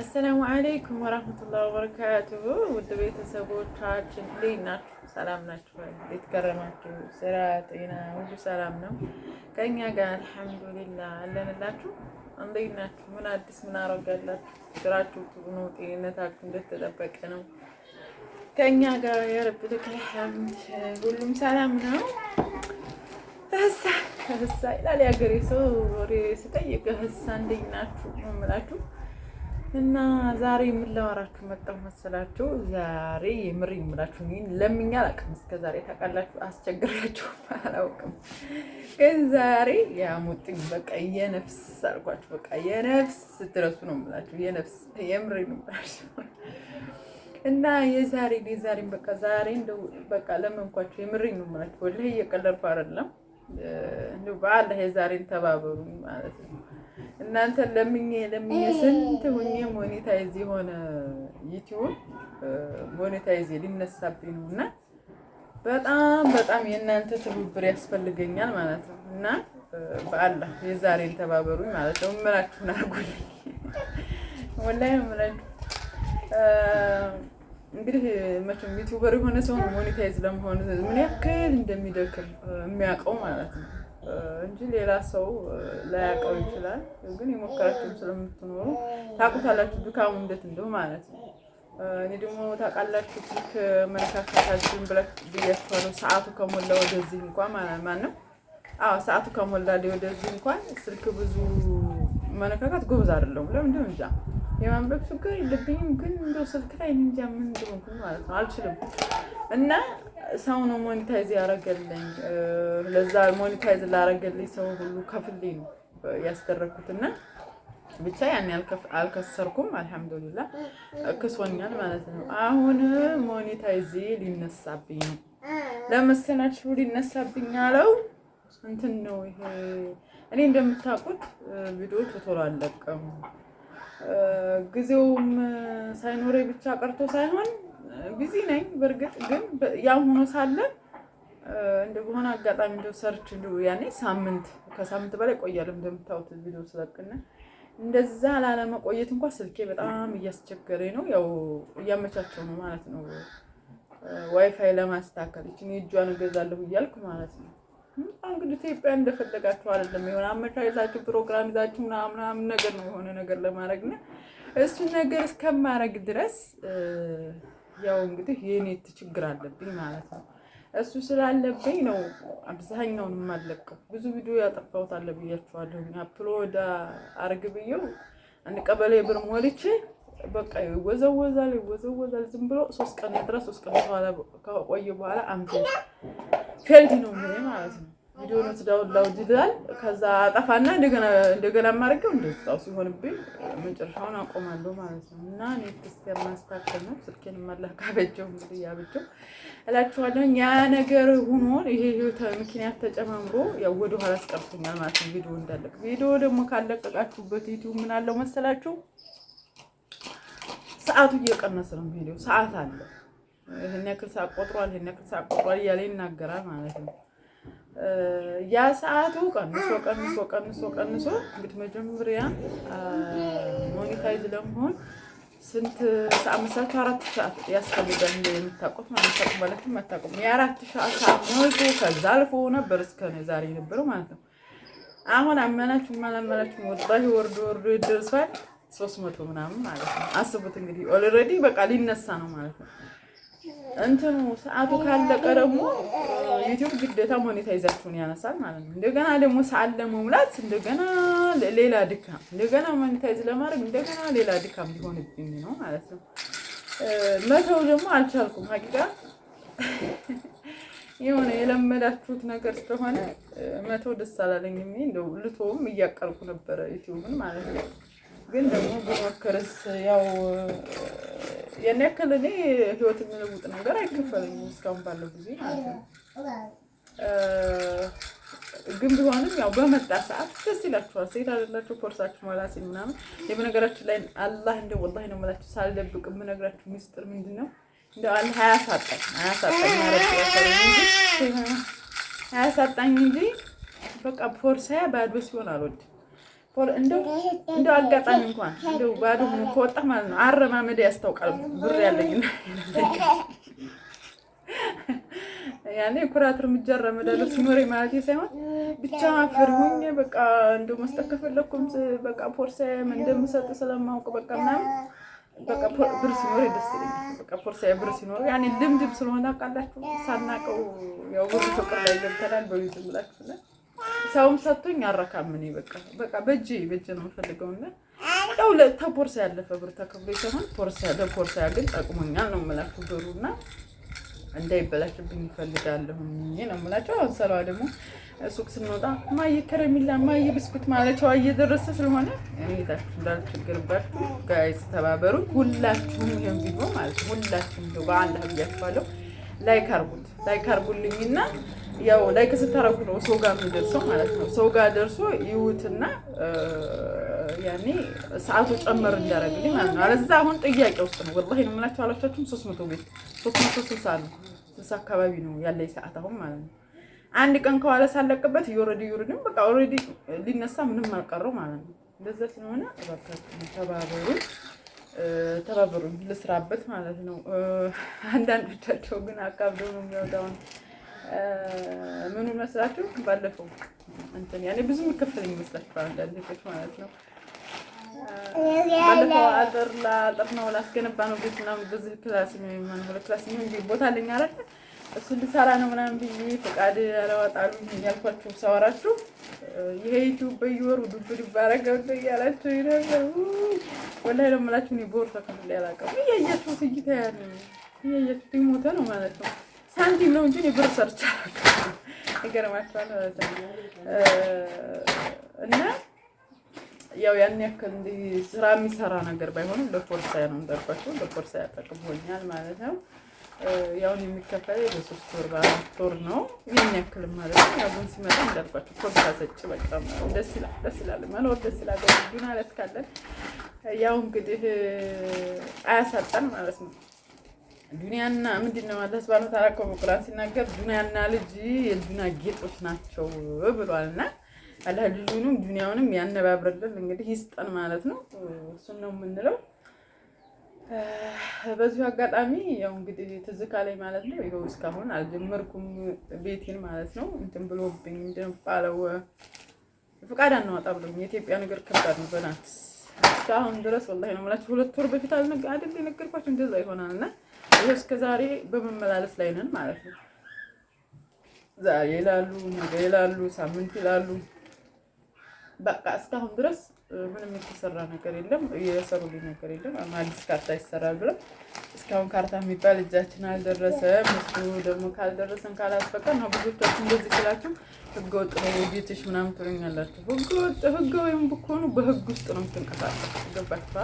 አሰላሙ አለይኩም ወራህመቱላሂ ወበረካቱሁ ውድ ቤተሰቦቻችን እንዴት ናችሁ? ሰላም ናችሁ? እንዴት ከረማችሁ? ስራ፣ ጤና ሁሉ ሰላም ነው ከእኛ ጋር አልሐምዱሊላህ አለንላችሁ። እንዴት ናችሁ? ምን አዲስ ምን አረጋላችሁ? ስራችሁ ጥሩ ነው? ጤንነታችሁ እንደተጠበቀ ነው? ከእኛ ጋር የረብ ልክልሐምድ ሁሉም ሰላም ነው። ህሳ ህሳ ይላል የሀገሬ ሰው ወሬ ስጠይቅ ህሳ እንዴት ናችሁ ነው የምላችሁ እና ዛሬ ምን የምላወራችሁ መጣሁ መሰላችሁ። ዛሬ የምር የምላችሁ እኔን ለምኛ አላውቅም እስከ ዛሬ ታውቃላችሁ፣ አስቸግሪያችሁ አላውቅም። ግን ዛሬ የሙጥኝ በቃ የነፍስ አልኳችሁ፣ በቃ የነፍስ ስትረሱ ነው የምላችሁ፣ የነፍስ የምር ነው የምላችሁ። እና የዛሬ ዛሬም በቃ ዛሬ እንደው በቃ ለመንኳችሁ፣ የምር ነው የምላችሁ። ወላሂ እየቀለድኩ አይደለም። እንደው በአላህ የዛሬን ተባበሩ ማለት ነው እናንተን ለምኜ ለምኜ ስንት ሁኜ ሞኔታይዝ የሆነ ዩቲዩብ ሞኔታይዝ ሊነሳብኝ ነው እና በጣም በጣም የእናንተ ትብብር ያስፈልገኛል ማለት ነው እና በአላህ የዛሬን ተባበሩኝ ማለት ነው። እምላችሁን አድርጉልኝ ወላሂ እምላችሁ። እንግዲህ መቼም ዩቲዩበር የሆነ ሰው ሞኔታይዝ ለመሆን ምን ያክል እንደሚደክም የሚያውቀው ማለት ነው። እንጂ ሌላ ሰው ላያውቀው ይችላል። ግን የሞከራችሁም ስለምትኖሩ ታውቁታላችሁ ድካሙ እንዴት እንደው ማለት ነው። እኔ ደግሞ ታውቃላችሁ ስልክ መነካካታችን ብያችኋለሁ። ሰዓቱ ከሞላ ወደዚህ እንኳን ማነው? አዎ ሰዓቱ ከሞላ ወደዚህ እንኳን ስልክ ብዙ መነካካት ጎበዝ አይደለሁም። ለምንድን እንጃ የማንበብ ችግር የለብኝም፣ ግን እንደው ስልክ ላይ እንጃ ምን እንደሆንኩኝ ማለት ነው አልችልም እና ሰው ነው ሞኒታይዝ ያደረገልኝ። ለዛ ሞኒታይዝ ላደረገልኝ ሰው ሁሉ ከፍሌ ነው ያስደረግኩት ያስደረግኩትና ብቻ ያን አልከሰርኩም። አልሐምዱሊላ ክሶኛል ማለት ነው። አሁን ሞኔታይዝ ሊነሳብኝ ነው። ለመሰናችሁ ሊነሳብኝ አለው እንትን ነው ይሄ። እኔ እንደምታውቁት ቪዲዮ ቶቶሎ አለቀሙ ጊዜውም ሳይኖረ ብቻ ቀርቶ ሳይሆን ቢዚ ነኝ። በእርግጥ ግን ያም ሆኖ ሳለ እንደ በሆነ አጋጣሚ እንደው ሰርች እንደው ያኔ ሳምንት ከሳምንት በላይ ቆያለሁ እንደምታዩት ቪዲዮ ስለቅነ እንደዛ ላለመቆየት እንኳን ስልኬ በጣም እያስቸገረ ነው። ያው እያመቻቸው ነው ማለት ነው ዋይፋይ ለማስተካከል እችን የእጇን እገዛለሁ እያልኩ ማለት ነው። እንግዲህ ኢትዮጵያ እንደፈለጋችሁ አይደለም የሆነ አመቻይዛችሁ ፕሮግራም ይዛችሁ ምናምን ነገር ነው የሆነ ነገር ለማድረግ እና እሱን ነገር እስከማድረግ ድረስ ያው እንግዲህ የኔት ችግር አለብኝ ማለት ነው። እሱ ስላለብኝ ነው አብዛኛውን የማለቀው። ብዙ ቪዲዮ ያጠፋሁት አለ ብያችኋለሁ። አፕሎድ አርግ ብየው አንድ ቀበሌ ብር ሞልቼ በቃ ይወዘወዛል ይወዘወዛል። ዝም ብሎ ሶስት ቀን ያድራ ሶስት ቀን ከቆየ በኋላ አንፌል ፌልድ ነው ማለት ነው ቪዲዮ ነው ይላል። ከዛ አጠፋና እንደገና እንደገና ማድረገው እንደዛው ሲሆንብኝ መጨረሻውን አቆማለሁ ማለት ነው። እና እኔ ክርስቲያን ነው ስልኬን ማላካ በጀው እንግዲህ ያብጀው እላችኋለሁ። ያ ነገር ሆኖ ይሄ ህይወት ምክንያት ተጨማምሮ ያው ወደ ኋላ አስቀርቶኛል ማለት ነው። ቪዲዮ እንዳለቅ ቪዲዮ ደግሞ ካለቀቃችሁበት ዩቲዩብ ምን አለው መሰላችሁ? ሰዓቱ እየቀነሰ ነው የሚሄደው። ሰዓት አለ ይሄን ያክል ሰዓት ቆጥሯል፣ ይሄን ያክል ሰዓት ቆጥሯል እያለ ይናገራል ማለት ነው። ያ ሰዓቱ ቀንሶ ቀንሶ ቀንሶ ቀንሶ እንግዲህ መጀመሪያ ሞኒታይዝ ለመሆን ስንት ሰዓት መሰላችሁ? አራት ሰዓት ያስፈልጋል። የምታውቁት ማለት ነው። ማለት የማታውቁት የአራት ሰዓት ሞልቶ ከዛ አልፎ ነበር እስከ ዛሬ ነበረው ማለት ነው። አሁን አመናችሁ ማላመናችሁ ወጣ ወርዶ ወርዶ ይደርሷል ሶስት መቶ ምናምን ማለት ነው። አስቡት እንግዲህ ኦልሬዲ በቃ ሊነሳ ነው ማለት ነው። እንትኑ ሰዓቱ ካለቀ ደግሞ ዩቲዩብ ግዴታ ሞኔታይዛችሁን ያነሳል ማለት ነው። እንደገና ደግሞ ሰዓት ለመሙላት እንደገና ሌላ ድካም፣ እንደገና ሞኔታይዝ ለማድረግ እንደገና ሌላ ድካም ሊሆንብኝ ነው ማለት ነው። መተው ደግሞ አልቻልኩም። ሀቂቃ የሆነ የለመዳችሁት ነገር ስለሆነ መተው ደስ አላለኝ። እንደው ልቶውም እያቀርኩ ነበረ ዩቲዩብን ማለት ነው። ግን ደግሞ ብሞክርስ ያው ያክል እኔ ህይወት የሚለውጥ ነገር አይከፈለኝም እስካሁን ባለው ጊዜ ግን ቢሆንም ያው በመጣ ሰዓት ደስ ይላችኋል። ሴት አይደላችሁ ኮርሳችሁ ማላሴ ምናምን። በነገራችን ላይ አላህ ወላሂ ነው የምላችሁ ሳልደብቅ የምነግራችሁ ሚስጥር ምንድን ነው አለ አያሳጣኝ አያሳጣኝ አያሳጣኝ እንጂ በቃ ፖርሳያ ባዶ ሲሆን አልወድም እንደው አጋጣሚ እንኳን እንደው ባዶ ከወጣ ማለት ነው አረማመድ ያስታውቃል። ብር ያለኝ ያኔ ኩራት እርምጃ እራመዳለሁ ሲኖረኝ ማለት ሳይሆን ብቻ አፈር ሆኜ በቃ እንደው መስጠት ከፈለኩም በቃ ፖርሳዬም እንደምሰጥ ስለማውቅ በቃ ምናምን በቃ ብር ሲኖር ደስ ይለኛል። በቃ ፖርሳዬ ብር ሲኖር ያኔ ልምድም ስለሆነ አውቃላችሁ ሳናውቀው ያው ብር ፍቅር ላይ ገብተናል በዩቱብ ብላችሁ ሰውም ሰጥቶኝ አረካም እኔ በቃ በቃ በእጄ በእጄ ነው የምፈልገው። እና ያው ተፖርሳ ያለፈ ብር ተከብሎ ሳይሆን ፖርሳ ለፖርሳ ግን ጠቅሞኛል ነው የምላችሁ ብሩ እና እንዳይበላሽብኝ እፈልጋለሁ ነው የምላቸው። አሁን ሰለዋ ደግሞ ሱቅ ስንወጣ ማየ ከረሚላ ማየ ብስኩት ማለቻዋ እየደረሰ ስለሆነ እንዴታችሁ እንዳልችግርባችሁ ጋይስ ተባበሩ። ሁላችሁም ይህም ቪዲዮ ማለት ሁላችሁም በአንድ ብያችኋለሁ። ላይክ አርጉት ላይክ አርጉልኝና ያው ላይክ ስታረጉ ነው ሰው ጋር የሚደርሰው ማለት ነው። ሰው ጋር ደርሶ ይውትና ያኔ ሰዓቱ ጨመር እንዳረግ ማለት ነው። አለዛ አሁን ጥያቄ ውስጥ ነው። ወላሂ ነው የምላቸው አላቻችሁም። ሶስት መቶ ቤት ሶስት መቶ ስልሳ ነው ስልሳ አካባቢ ነው ያለ ሰዓት አሁን ማለት ነው። አንድ ቀን ከኋላ ሳለቅበት ዩረዲ ዩረዲም በቃ ኦልሬዲ ሊነሳ ምንም አልቀረው ማለት ነው። እንደዛ ስለሆነ ተባበሩ፣ ተባበሩ ልስራበት ማለት ነው። አንዳንዶቻቸው ግን አካብደው ነው የሚያወጣውን ምኑ መስላችሁ ባለፈው እንትን ያኔ ብዙ የሚከፈለኝ ይመስላችኋል፣ አንዳንድ ቤት ማለት ነው። ባለፈው አጥር ለአጥር ነው ላስገነባ ነው ቤት ምናምን በዚህ ክላስ የሚሆን ሁለት ክላስ የሚሆን ቦታ አለኝ አላለ እሱ ልሰራ ነው ምናምን ብዬ ፈቃድ አላወጣሉ ያልኳችሁ ሳወራችሁ ይሄ ዩቲዩብ በየወሩ ዱብ ዱብ አረገው እያላችሁ ነበር። ወላሂ ነው የምላችሁ እኔ በወር ተከፍሎ ያላቀሙ እያያችሁት እይታ ያለ እያያችሁት ሞተ ነው ማለት ነው ሳንቲም ነው እንጂ ብር ሰርቻለሁ። ይገርማችኋል ማለት ነው። እና ያው ያን ያክል እንዲህ ስራ የሚሰራ ነገር ባይሆንም ለፖርሳ ነው እንዳልኳቸው ለፖርሳ ያጠቅሞኛል ማለት ነው። ያውን የሚከፈለ በሶስት ወር በአራት ወር ነው። ይህን ያክል ማለት ነው። ያቡን ሲመጣ እንዳልኳቸው ፖርሳ ሰጭ በቃ ደስ ይላል፣ ደስ ይላል መኖር ደስ ይላል። ዱና ያስካለን ያው እንግዲህ አያሳጣን ማለት ነው። ዱኒያና ምንድን ነው አላህ ሱብሃነሁ ወተዓላ እኮ በቁርአን ሲናገር ዱኒያና ልጅ የዱኒያ ጌጦች ናቸው ብሏልና አላህ ልጁንም ዱኒያውንም ያነባብረልን እንግዲህ ይስጠን ማለት ነው። እሱን ነው የምንለው። በዚሁ አጋጣሚ ያው እንግዲህ ትዝ ካለኝ ማለት ነው ይኸው እስካሁን አልጀመርኩም ቤቴን ማለት ነው። እንትን ብሎብኝ እንደሚባለው ፍቃድ አናወጣ ብሎኝ የኢትዮጵያ ነገር ከባድ ነው በናትስ እስካሁን ድረስ ወላሂ ነው የምላችሁ ሁለት ወር በፊት አልነገ አይደል የነገርኳቸው እንደዛ ይሆናል ይሆናልና ይህ እስከ ዛሬ በመመላለስ ላይ ነን ማለት ነው። ዛሬ ይላሉ፣ ነገ ይላሉ፣ ሳምንት ይላሉ። በቃ እስካሁን ድረስ ምንም የተሰራ ነገር የለም፣ የሰሩልኝ ነገር የለም። አዲስ ካርታ ይሰራል ብለው እስካሁን ካርታ የሚባል እጃችን አልደረሰም። እሱ ደግሞ ካልደረሰን ካላስፈቀ ነው ብዙዎቻችሁ እንደዚህ ስላችሁ ህገ ወጥ ነው ቤትሽ ምናምን ትሉኛላችሁ። ህገ ወጥ ህገ ወይም ብኮኑ በህግ ውስጥ ነው የምትንቀሳቀስ ገባችኋ?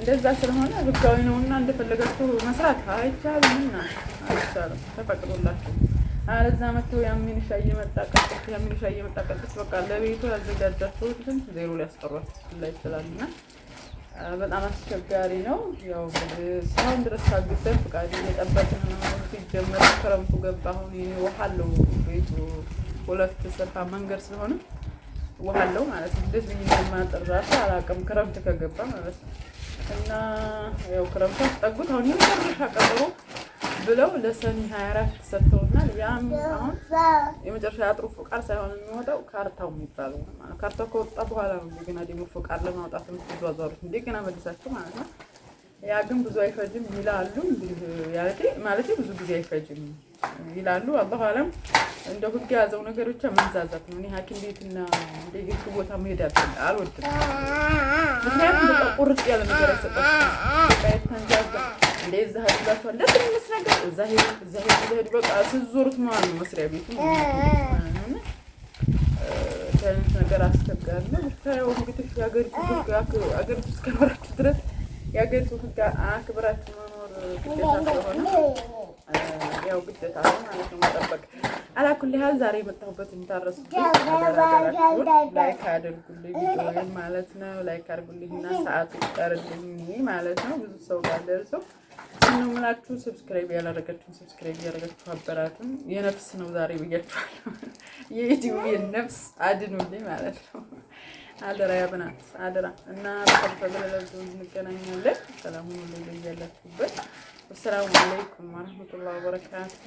እንደዛ ስለሆነ ህጋዊ ነውና እንደፈለጋችሁ መስራት አይቻልም አይቻልምና አይቻልም፣ ተፈቅዶላችሁ አለዛ መተው ያሚን እየመጣ ቀጥታ ያሚን እየመጣ ቀጥታ በቃ ለቤቱ ያዘጋጃችሁትን ዜሮ ሊያስቀሯት ላይ ይችላል እና በጣም አስቸጋሪ ነው። ያው እስካሁን ድረስ ታግሰን ፍቃድ እየጠበቅን ነው። ሲጀመር ክረምቱ ገባ። አሁን ውሃ አለው ቤቱ ሁለት ስርፋ መንገድ ስለሆነ ውሃ አለው ማለት ነው። ደስ ብዬ ራሱ አላውቅም ክረምት ከገባ ማለት ነው እና ያው ክረምቱ አስጠጉት አሁን የመጨረሻ ቀጠሮ ብለው ለሰኔ 24 ሰጥተው ያን አሁን የመጨረሻ ያጥሩ ፍቃድ ሳይሆን የሚወጣው ካርታው የሚባለው ማለት ካርታው ከወጣ በኋላ ነው እንደገና ደግሞ ፍቃድ ለማውጣት የምትዟዟሩት እንደገና መልሳችሁ ማለት ነው። ያ ግን ብዙ አይፈጅም ይላሉ። ማለት ብዙ ጊዜ አይፈጅም ይላሉ። አላሁ አለም እንደ ህግ የያዘው ነገሮች መንዛዛት ነው። እኔ ሐኪም ቤትና እንደየት ቦታ መሄድ አልወድም። ምክንያቱም በቃ ቁርጥ ያለ ነገር መስሪያ ቤቱ ነገር አስቸጋሪ ነው። አገሪቱ እስከኖራችሁ ድረስ የአገሪቱ ሕግ አክብራችሁ መኖር ግዴታ ስለሆነ ያው ግዴታ ነው ማለት ነው መጠበቅ። አላኩልሃል ዛሬ የመጣሁበት እንታረሱ ላይክ አድርጉልኝ ማለት ነው። ላይክ አድርጉልኝና ሰዓት ይጠርልኝ ማለት ነው። ብዙ ሰው ጋር ደርሰው ነው የምላችሁ። ሰብስክራይብ ያላደረጋችሁ ሰብስክራይብ ያደረጋችሁ አበራቱን። የነፍስ ነው ዛሬ ብያችኋለሁ። የኢትዮ የነፍስ አድኑልኝ ማለት ነው። አደራ ያብናት አደራ እና ተፈለለቱ እንገናኛለን። ሰላም ሁሉ ለያላችሁበት። ወሰላሙ አለይኩም ወራህመቱላሂ ወበረካቱ